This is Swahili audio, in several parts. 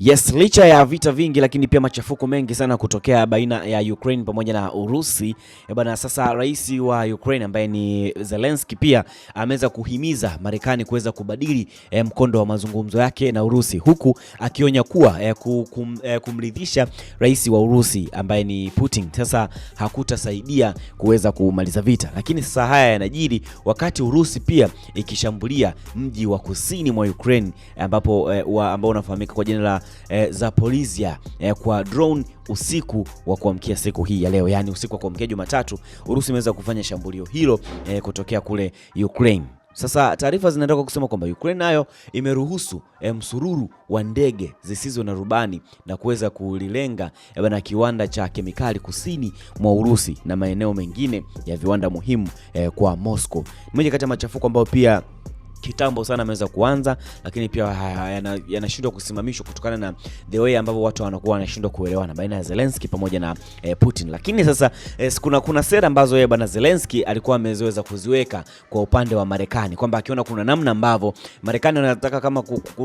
Yes, licha ya vita vingi lakini pia machafuko mengi sana kutokea baina ya Ukraine pamoja na Urusi. Eh, bana, sasa rais wa Ukraine ambaye ni Zelensky pia ameweza kuhimiza Marekani kuweza kubadili e, mkondo wa mazungumzo yake na Urusi huku akionya kuwa e, kum, e, kumridhisha rais wa Urusi ambaye ni Putin sasa hakutasaidia kuweza kumaliza vita. Lakini sasa haya yanajiri wakati Urusi pia ikishambulia mji wa kusini mwa Ukraine ambapo e, ambao unafahamika kwa jina la e, eh, Zaporizhia e, eh, kwa drone usiku wa kuamkia siku hii ya leo, yaani usiku wa kuamkia Jumatatu, Urusi imeweza kufanya shambulio hilo e, kutokea kule Ukraine. Sasa taarifa zinaendelea kusema kwamba Ukraine nayo imeruhusu msururu wa ndege zisizo na rubani na kuweza kulilenga na kiwanda cha kemikali kusini mwa Urusi na maeneo mengine ya viwanda muhimu e, kwa Moscow. Moja kati ya machafuko ambayo pia kitambo sana ameweza kuanza, lakini pia yanashindwa kusimamishwa kutokana na the way ambavyo watu wanakuwa wanashindwa kuelewana baina ya Zelensky pamoja na eh, Putin. Lakini sasa eh, kuna, kuna sera ambazo yeye bwana Zelensky alikuwa ameweza kuziweka kwa upande wa Marekani kwamba akiona kuna namna ambavyo Marekani wanataka kama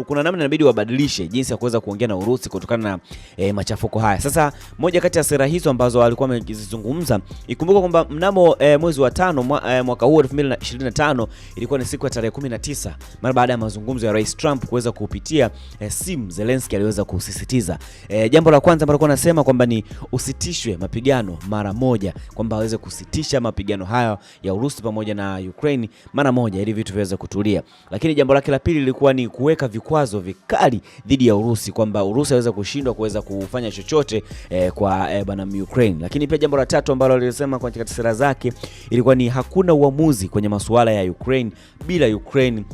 kuna namna inabidi wabadilishe jinsi ya kuweza kuongea na Urusi kutokana na eh, machafuko haya. Sasa moja kati ya sera hizo ambazo alikuwa amezizungumza, ikumbuka kwamba mnamo eh, mwezi wa tano mwa, eh, mwaka huu 2025 ilikuwa ni siku ya tarehe 19 mara baada ya mazungumzo ya Rais Trump kuweza kupitia eh, simu, Zelensky aliweza kusisitiza eh, jambo la kwanza ambalo anasema kwamba ni usitishwe mapigano mara moja, kwamba aweze kusitisha mapigano hayo ya Urusi pamoja na Ukraine mara moja ili vitu viweze kutulia. Lakini jambo lake la pili lilikuwa ni kuweka vikwazo vikali dhidi ya Urusi, kwamba Urusi aweze kushindwa kuweza kufanya chochote eh, kwa eh, bwana Ukraine. Lakini pia jambo la tatu ambalo alisema kwa sera zake ilikuwa ni hakuna uamuzi kwenye masuala ya Ukraine bila Ukraine Ukraine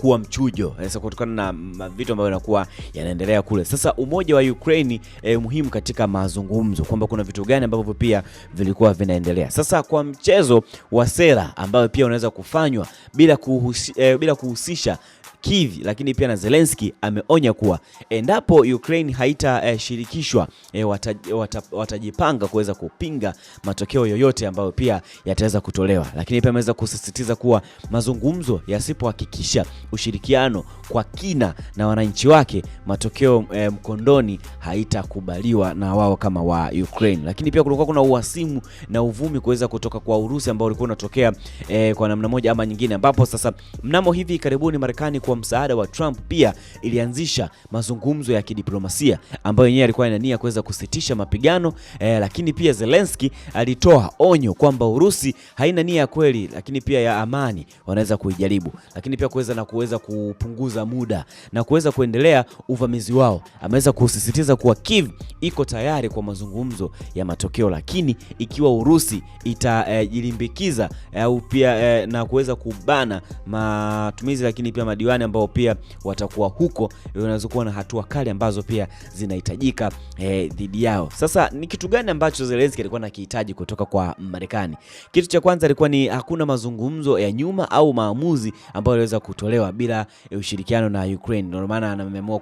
kuwa mchujo sasa, kutokana na vitu ambavyo yanakuwa yanaendelea kule. Sasa umoja wa Ukraine e, muhimu katika mazungumzo kwamba kuna vitu gani ambavyo pia vilikuwa vinaendelea. Sasa kwa mchezo wa sera ambayo pia unaweza kufanywa bila kuhusi, e, bila kuhusisha Kiev, lakini pia na Zelensky ameonya kuwa endapo Ukraine haitashirikishwa e, eh, watajipanga eh, wata, wata kuweza kupinga matokeo yoyote ambayo pia yataweza kutolewa, lakini pia ameweza kusisitiza kuwa mazungumzo yasipohakikisha ushirikiano kwa kina na wananchi wake, matokeo eh, mkondoni haitakubaliwa na wao kama wa Ukraine. Lakini pia kulikuwa kuna uhasimu na uvumi kuweza kutoka kwa Urusi ambao ulikuwa unatokea eh, kwa namna moja ama nyingine, ambapo sasa mnamo hivi karibuni Marekani kwa msaada wa Trump pia ilianzisha mazungumzo ya kidiplomasia ambayo yenyewe alikuwa na nia kuweza kusitisha mapigano eh, lakini pia Zelensky alitoa onyo kwamba Urusi haina nia ya kweli, lakini pia ya amani, wanaweza kuijaribu, lakini pia kuweza na kuweza kupunguza muda na kuweza kuendelea uvamizi wao. Ameweza kusisitiza kuwa Kiev iko tayari kwa mazungumzo ya matokeo, lakini ikiwa Urusi itajilimbikiza eh, eh, au eh, pia eh, na kuweza kubana matumizi lakini pia madiwani gani ambao pia watakuwa huko, wanaweza kuwa na hatua kali ambazo pia zinahitajika eh, dhidi yao. Sasa ni kitu gani ambacho Zelensky alikuwa anakihitaji kutoka kwa Marekani? Kitu cha kwanza alikuwa ni hakuna mazungumzo ya nyuma au maamuzi ambayo yaliweza kutolewa bila ushirikiano na Ukraine. Ndio maana ameamua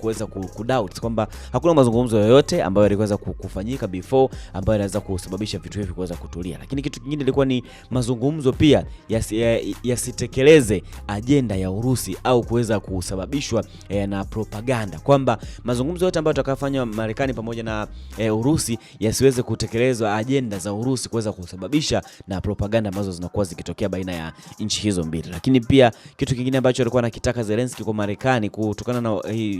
kuweza kudoubt kwamba hakuna mazungumzo yoyote ambayo yaliweza kufanyika before ambayo yanaweza kusababisha vitu hivi kuweza kutulia. Lakini kitu kingine ilikuwa ni mazungumzo pia yasitekeleze ya ajenda ya Urusi virusi au kuweza kusababishwa e, na propaganda kwamba mazungumzo yote ambayo atakayofanywa Marekani pamoja na e, Urusi yasiweze kutekelezwa ajenda za Urusi kuweza kusababisha na propaganda ambazo zinakuwa zikitokea baina ya nchi hizo mbili. Lakini pia kitu kingine ambacho alikuwa anakitaka Zelensky kwa Marekani kutokana na i,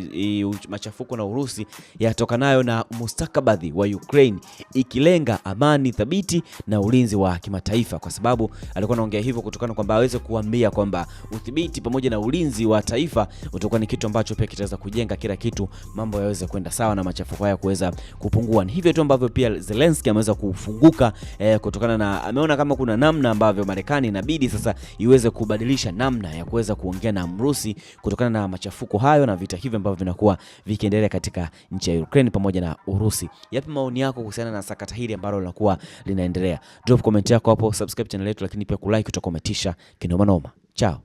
i, machafuko na Urusi yatokanayo na mustakabadhi wa Ukraine ikilenga amani thabiti na ulinzi wa kimataifa, kwa sababu alikuwa anaongea hivyo kutokana kwamba aweze kuambia kwamba udhibiti pamoja na ulinzi ulinzi wa taifa utakuwa ni kitu ambacho pia kitaweza kujenga kila kitu, mambo yaweze kwenda sawa na machafuko haya kuweza kupungua. Ni hivyo tu ambavyo pia Zelensky ameweza kufunguka eh, kutokana na ameona kama kuna namna ambavyo Marekani inabidi sasa iweze kubadilisha namna ya kuweza kuongea na Mrusi kutokana na machafuko hayo na vita hivyo ambavyo vinakuwa vikiendelea katika nchi ya Ukraine pamoja na Urusi. Yapi maoni yako kuhusiana na sakata hili ambalo linakuwa linaendelea? Drop comment yako hapo, subscribe channel yetu, lakini pia kulike utakometisha kinoma kinomanoma. Chao.